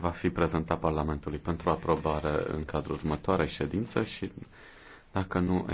va fi prezentat Parlamentului pentru aprobare în cadrul următoarei ședințe și dacă nu